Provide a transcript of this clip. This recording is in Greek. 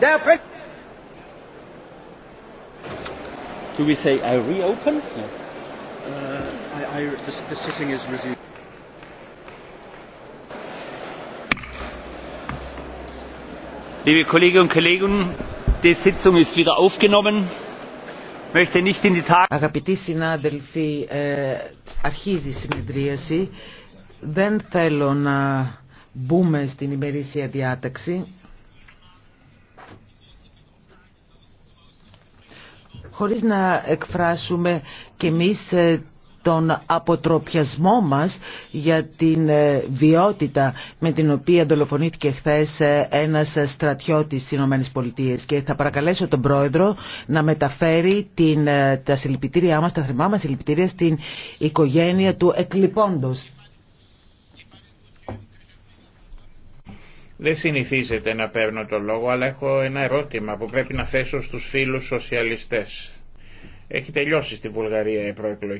D'après. Do we say I reopen? No. Uh, I, I, the, the sitting is resumed. Liebe Kolleginnen und Kollegen, die Sitzung ist wieder aufgenommen. Möchte nicht in die Tag. Αγαπητοί συνάδελφοι, ε, αρχίζει η συνεδρίαση. Δεν θέλω να μπούμε στην ημερήσια διάταξη. χωρίς να εκφράσουμε κι εμείς ε, τον αποτροπιασμό μας για την ε, βιότητα με την οποία δολοφονήθηκε χθε ε, ένας στρατιώτης της ΗΠΑ και θα παρακαλέσω τον Πρόεδρο να μεταφέρει την, τα συλληπιτήριά μας, τα θερμά μας συλληπιτήρια στην οικογένεια του εκλειπώντος. Δεν συνηθίζεται να παίρνω το λόγο, αλλά έχω ένα ερώτημα που πρέπει να θέσω στους φίλους σοσιαλιστές. Έχει τελειώσει στη Βουλγαρία η προεκλογή.